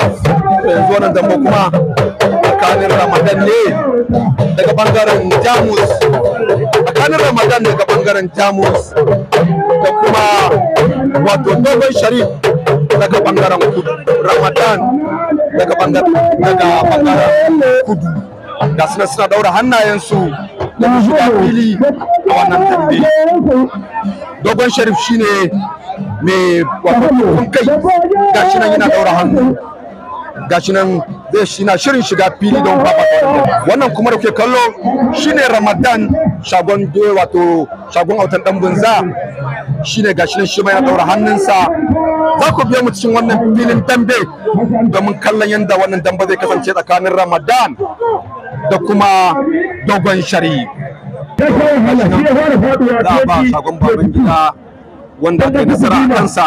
yanzu wannan dambe kuma tsakanin ramadan ne daga bangaren jamus tsakanin ramadan daga bangaren jamus da kuma wato dogon sharif daga bangaren kudu ramadan daga bangaren kudu ga suna suna daura hannayensu da su fili a wannan dambe dogon sharif shine mai wato kai gashi nan yana daura hannu gashi nan zai na shirin shiga fili don baba wannan kuma da kuke kallo shine ramadan shagon doye wato shagon autan dan bunza shine gashi nan shi ma ya daura hannunsa za ku biyo mu cikin wannan filin dambe domin kallon yadda wannan dambe zai kasance tsakanin ramadan da kuma dogon shari za a ba shagon babin gida wanda ke nasara a kansa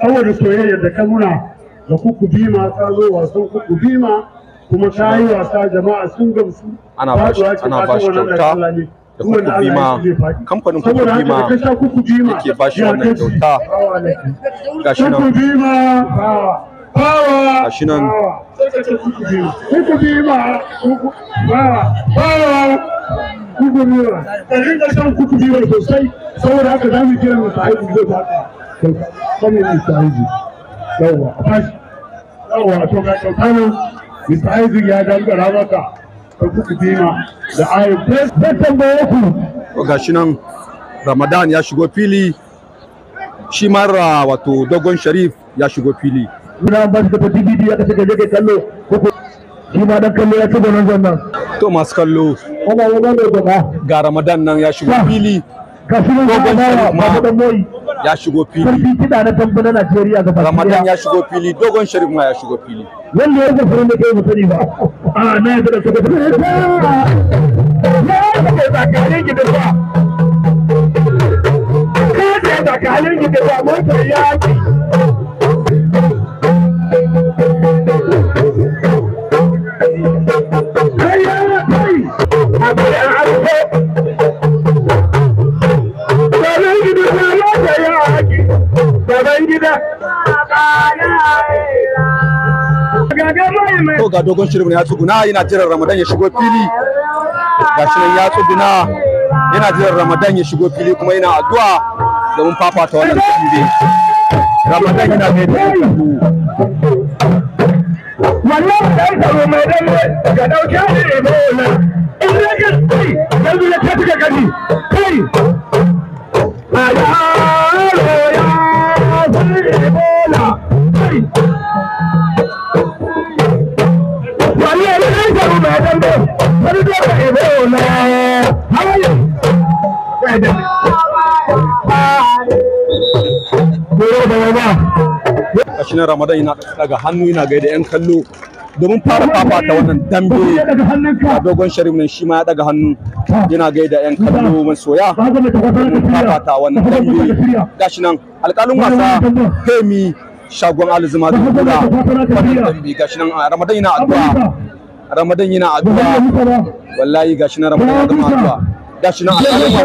saboda soyayyar da ka nuna ga kuku bima ta zo wasan kuku bima kuma ta yi wasa jama'a sun gamsu ana ba shi ana ba shi kyauta da kuku bima kamfanin kuku bima yake ba shi wannan kyauta shi nan kuku bima nan kuku bima kuku bima ka rinka shan kuku bima sosai saboda haka za mu kira masa aiki zai ba kame Isa'iju yawwa a fashi yawwa to ga kyautanin Isa'iju ya dangara maka ka kuka bima da ayin fes zan tambaye ku ga shi nan Ramadan ya shigo fili shi mara wato dogon sharif ya shigo fili muna ba da fati DVD ya kace gaje kai kallo ko shi ma dan kallo ya ci gonan zannan to masu kallo ga Ramadan nan ya shigo fili ga shi nan ma ba da ya shigo fili sarki kiɗa na dambe na Najeriya gaba Ramadan ya shigo fili dogon sharif ma ya shigo fili wanda ya zafara wanda kai mutane ba a na yadda da kaga ya da zakarin gida ba ka da zakalin gida ba mun ta yaki Hey! ga dogon shirin ya tsuguna yana jiran Ramadan ya shigo fili gashi nan ya tsuguna yana jiran Ramadan ya shigo fili kuma yana addu'a domin fafata wannan fili Ramadan yana wannan dan taro mai dan ga dauke da rebo nan in kai yanzu ya tafi ga gani kai a da ramadan yana daga hannu yana gaida yan kallo domin fara fafata wannan dambe a dogon sharif nan shi ma ya daga hannu yana gaida yan kallo soya, domin fafata wannan dambe gashi nan alƙalin wasa femi shagon alizuma da kura wannan dambe gashi nan ramadan yana addu'a ramadan yana addu'a wallahi gashi nan ramadan yana addu'a دشنا لاهورا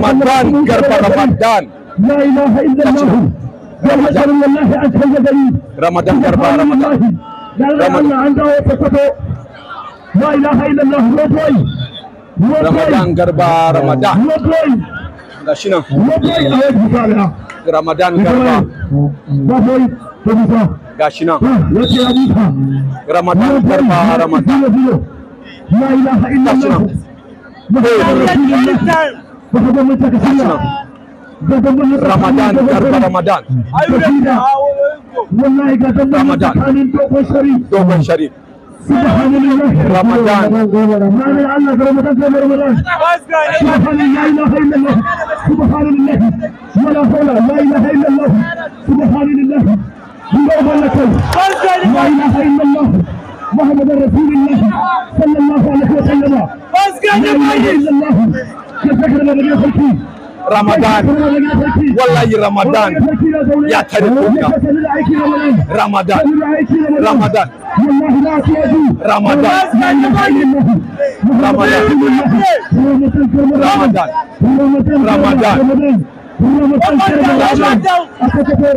رمضان كرب رمضان لا إله إلا الله رمضان الله أنت الجدير رمضان كرب رمضان رمضان عنده وفتحه لا إله إلا الله رضوي رمضان كرب رمضان رضوي دشنا رضوي الله يجزاها رمضان كرب رضوي تبصر دشنا رضي الله رمضان كرب رمضان إيه. لا اله الا الله رمضان كرب رمضان والله قدم رمضان دوبن شريف دوبن شريف سبحان الله رمضان ما الله رمضان كرب رمضان سبحان لا اله الا الله سبحان الله ولا حول لا اله الا الله سبحان الله لا اله الا الله محمد رسول الله Ramadan wallahi Ramadan ya tare kuka Ramadan Ramadan Ramadan Ramadan Ramadan Ramadan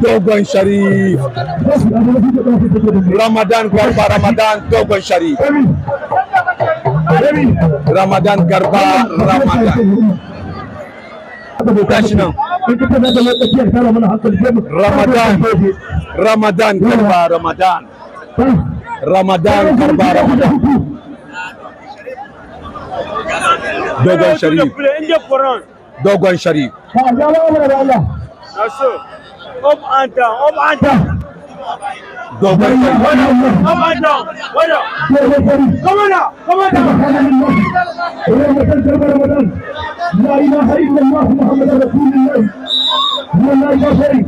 dogon sharif ramadan garba ramadan dogon sharif ramadan garba ramadan gashi ramadan ramadan garba ramadan ramadan garba ramadan dogon sharif dogon sharif up and down, up and down. Go back, up and down, what up? Come on now, come on now. لا إله إلا الله محمد رسول الله هو لا شريك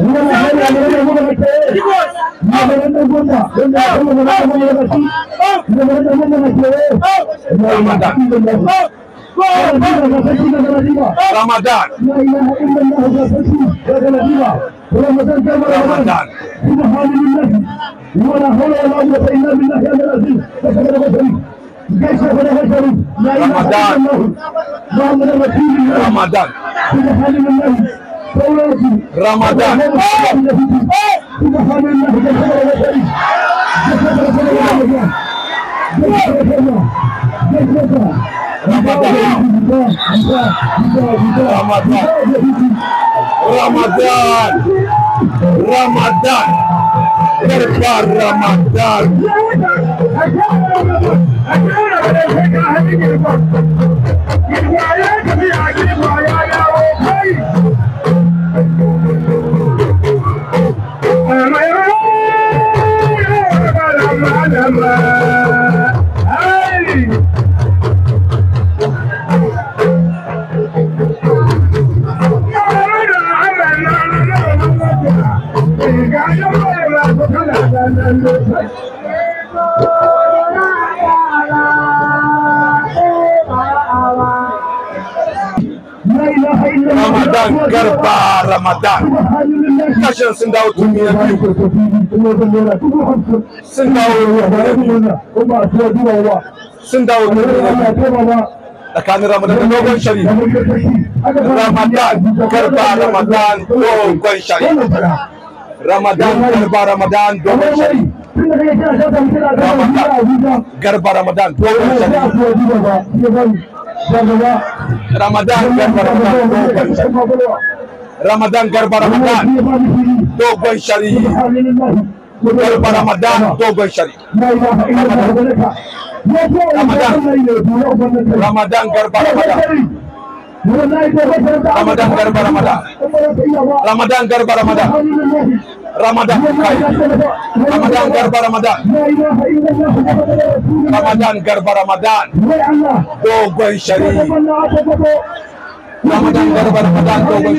هو لا حول ولا قوة إلا بالله محمد رسول الله محمد رسول الله رمضان رمضان ولا حول ولا قوة إلا بالله يا العزيز فكبر وشريف كيف فلا وشريف رمضان محمد رسول الله رمضان سبحان الله رمضان سبحان الله Ramadan, Ramadan, Ramadan, Garba Ramadan. Ramadan. ramadan kashin sun dawo tuni na biyu sun dawo sun dawo tsakanin ramadan da dogon shari ramadan karba ramadan dogon shari ramadan garba ramadan dogon shari ramadan garba ramadan dogon shari ramadan garba ramadan dogon shari Ramadan garba Ramadan Dogon Shari Garba Ramadan Dogon Shari Ramadan Ramadan garba Ramadan Ramadan garba Ramadan Ramadan garba Ramadan Ramadan Ramadan garba Ramadan Ramadan garba Ramadan Dogon Shari Ramadan gar bar Ramadan ko bol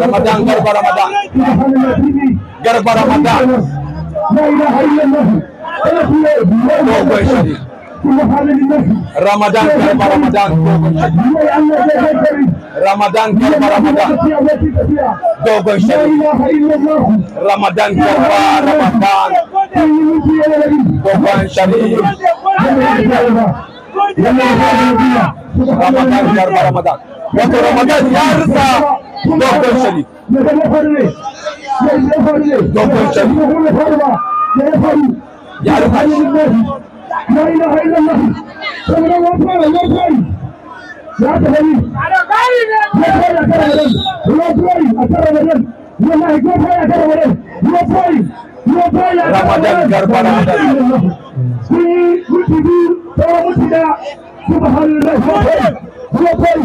Ramadan gar bar Ramadan gar bar Ramadan la ilaha illallah Ramadan kerba Ramadan Ramadan kerba Ramadan Dogo Ramadan kerba Ramadan Dogo Ramadan kerba Ramadan Ramadan wato Ramadan ya rutsa dokon shari dokon shari ya rutsa shi سبحان الله وقل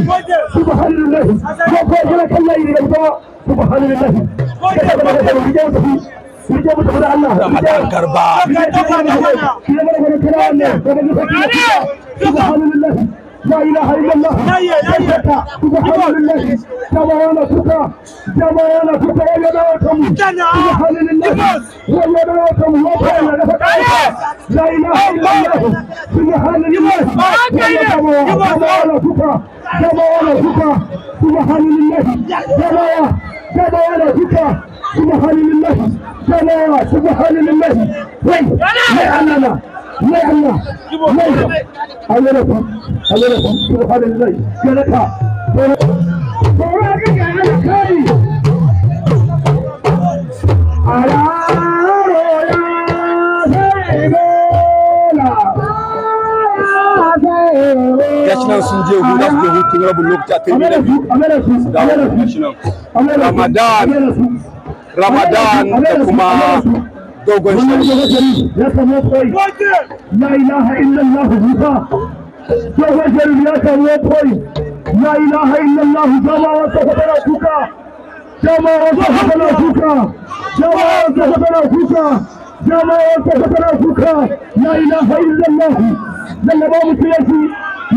سبحان الله وقل لك الله يرضى سبحان الله Ramadan Garba. Subhanallah. لا اله الا الله جدك سبحان الله جبانا فتا جبانا فتا ويداكم سبحان الله ويداكم وقال لا اله الا الله سبحان الله جبانا فتا جبانا فتا سبحان الله جبانا جبانا فتا سبحان الله جبانا سبحان الله وين لا انا ya Allah ya Allah Allah da kan Allah da kan subhanallahi garaka Ora ka ga na kai Ara gashi nan sun je huda su je hutun rabin lokaci a kai ne da biyu ga gashi nan ramadan ramadan da kuma dogon shari ya samu point la ilaha illallah zufa dogon shari ya samu point la ilaha illallah jama'a ta fara kuka jama'a ta fara kuka jama'a ta fara kuka jama'a ta fara kuka la ilaha illallah lallaba mutiyasi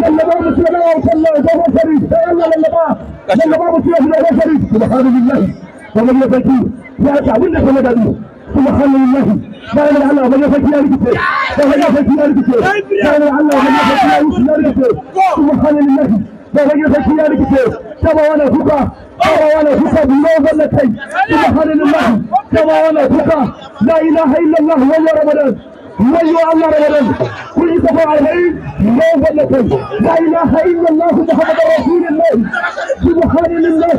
lallaba mutiyana wa sallallahu dogon shari sai Allah lallaba lallaba mutiyasi dogon shari subhanallahi wa man yafati ya ta wanda kuma dadi اللهم لله دائما الله وما يفك يا رجل وما يفك يا رجل دائما الله وما يفك يا رجل اللهم لله وما يفك يا رجل كما وانا فوقا كما وانا فوقا بلو بلتي اللهم لله كما وانا فوقا لا اله الا الله ويا رمضان مليو الله رمضان كل صفاء الهين يوم لكم لا اله الا الله محمد رسول الله سبحان الله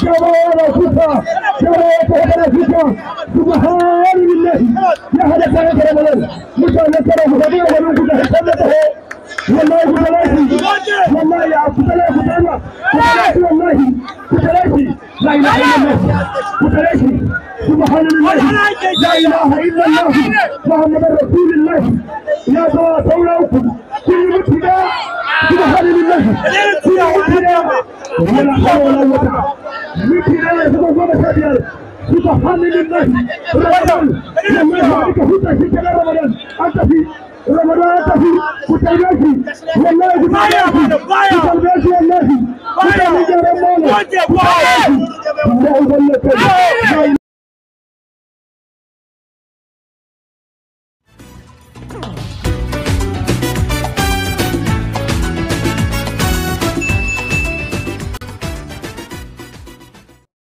كما رسولها كما رسولها سبحان الله يا هذا كان رمضان مشان ترى هذا رمضان كنت حسبته والله والله يا عبد الله لا اله الا الله محمد رسول الله يا دولاكم كل متنا سبحان الله يا متنا ولا حول ولا قوه متنا يا سبحان الله رمضان الله عليك حتى في كل رمضان انت في رمضان انت في كتاباتي والله كتاباتي كتاباتي والله كتاباتي يا رمضان لا اله آه. الا الله